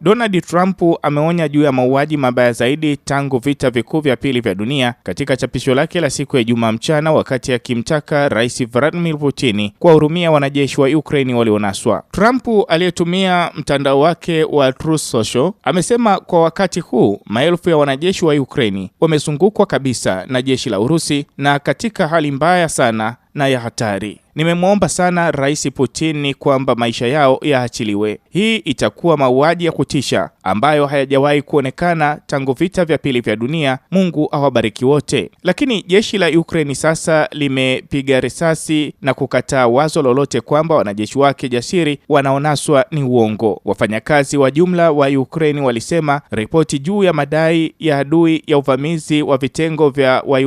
Donald Trump ameonya juu ya mauaji mabaya zaidi tangu vita vikuu vya pili vya dunia katika chapisho lake la siku ya jumaa mchana wakati akimtaka Rais Vladimir Putin kuwahurumia wanajeshi wa Ukraine walionaswa. Trump aliyetumia mtandao wake wa Truth Social amesema kwa wakati huu maelfu ya wanajeshi wa Ukraine wamezungukwa kabisa na jeshi la Urusi na katika hali mbaya sana na ya hatari. Nimemwomba sana Rais Putin kwamba maisha yao yaachiliwe. Hii itakuwa mauaji ya kutisha ambayo hayajawahi kuonekana tangu vita vya pili vya dunia. Mungu awabariki wote. Lakini jeshi la Ukraini sasa limepiga risasi na kukataa wazo lolote kwamba wanajeshi wake jasiri wanaonaswa ni uongo. Wafanyakazi wa jumla wa Ukraini walisema ripoti juu ya madai ya adui ya uvamizi wa vitengo vya wa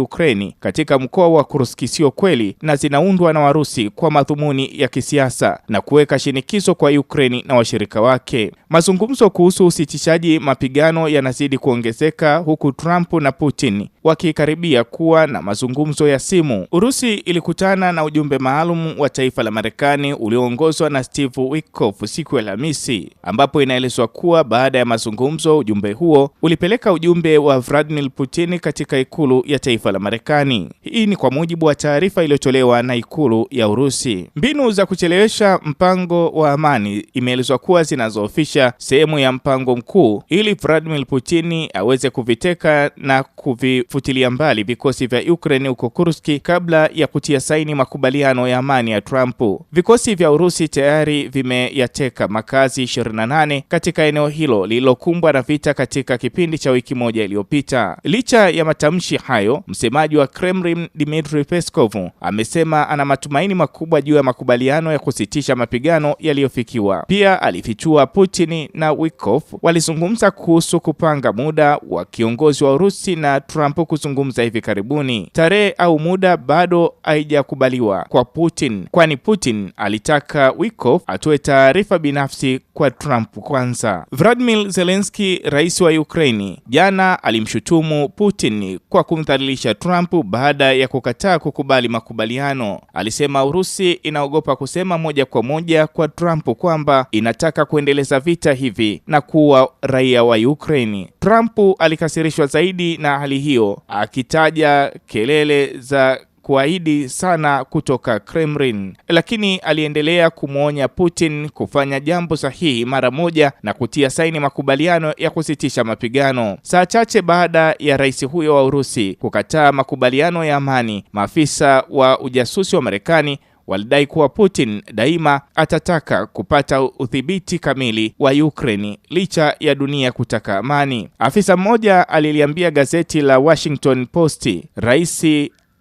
katika mkoa wa Kursk sio kweli na na zinaundwa na Warusi kwa madhumuni ya kisiasa na kuweka shinikizo kwa Ukraine na washirika wake. Mazungumzo kuhusu usitishaji mapigano yanazidi kuongezeka huku Trump na Putin wakikaribia kuwa na mazungumzo ya simu. Urusi ilikutana na ujumbe maalum wa taifa la Marekani ulioongozwa na Steve Witkoff siku ya Alhamisi, ambapo inaelezwa kuwa baada ya mazungumzo, ujumbe huo ulipeleka ujumbe wa Vladimir Putin katika ikulu ya taifa la Marekani. Hii ni kwa mujibu wa taarifa iliyotolewa kutolewa na ikulu ya Urusi. Mbinu za kuchelewesha mpango wa amani imeelezwa kuwa zinazoofisha sehemu ya mpango mkuu ili Vladimir Putin aweze kuviteka na kuvifutilia mbali vikosi vya Ukraine huko Kurski kabla ya kutia saini makubaliano ya amani ya Trump. Vikosi vya Urusi tayari vimeyateka makazi 28 katika eneo hilo lililokumbwa na vita katika kipindi cha wiki moja iliyopita. Licha ya matamshi hayo, msemaji wa Kremlin Dmitry Peskov amesema alisema ana matumaini makubwa juu ya makubaliano ya kusitisha mapigano yaliyofikiwa. Pia alifichua Putin na Wikov walizungumza kuhusu kupanga muda wa kiongozi wa Urusi na Trump kuzungumza hivi karibuni. Tarehe au muda bado haijakubaliwa kwa Putin, kwani Putin alitaka Wikov atoe taarifa binafsi kwa Trump kwanza. Vladimir Zelensky, rais wa Ukraini, jana alimshutumu Putin kwa kumdhalilisha Trump baada ya kukataa kukubali makubaliano uhusiano. Alisema Urusi inaogopa kusema moja kwa moja kwa Trump kwamba inataka kuendeleza vita hivi na kuwa raia wa Ukraini. Trump alikasirishwa zaidi na hali hiyo akitaja kelele za kuahidi sana kutoka Kremlin, lakini aliendelea kumwonya Putin kufanya jambo sahihi mara moja na kutia saini makubaliano ya kusitisha mapigano. Saa chache baada ya rais huyo wa Urusi kukataa makubaliano ya amani, maafisa wa ujasusi wa Marekani walidai kuwa Putin daima atataka kupata udhibiti kamili wa Ukraine licha ya dunia kutaka amani. Afisa mmoja aliliambia gazeti la Washington Post, rais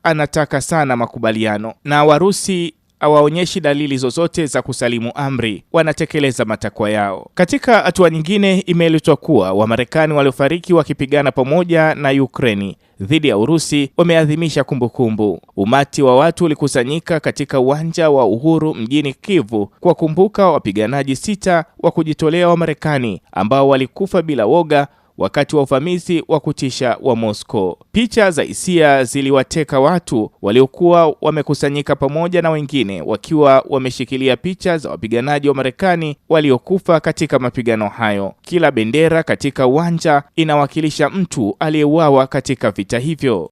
anataka sana makubaliano na Warusi hawaonyeshi dalili zozote za kusalimu amri, wanatekeleza matakwa yao. Katika hatua nyingine, imeelezwa kuwa Wamarekani waliofariki wakipigana pamoja na ukreni dhidi ya Urusi wameadhimisha kumbukumbu. Umati wa watu ulikusanyika katika uwanja wa Uhuru mjini Kivu kuwakumbuka wapiganaji sita wa kujitolea wa Marekani ambao walikufa bila woga wakati wa uvamizi wa kutisha wa Moscow. Picha za hisia ziliwateka watu waliokuwa wamekusanyika pamoja na wengine wakiwa wameshikilia picha za wapiganaji wa Marekani waliokufa katika mapigano hayo. Kila bendera katika uwanja inawakilisha mtu aliyeuawa katika vita hivyo.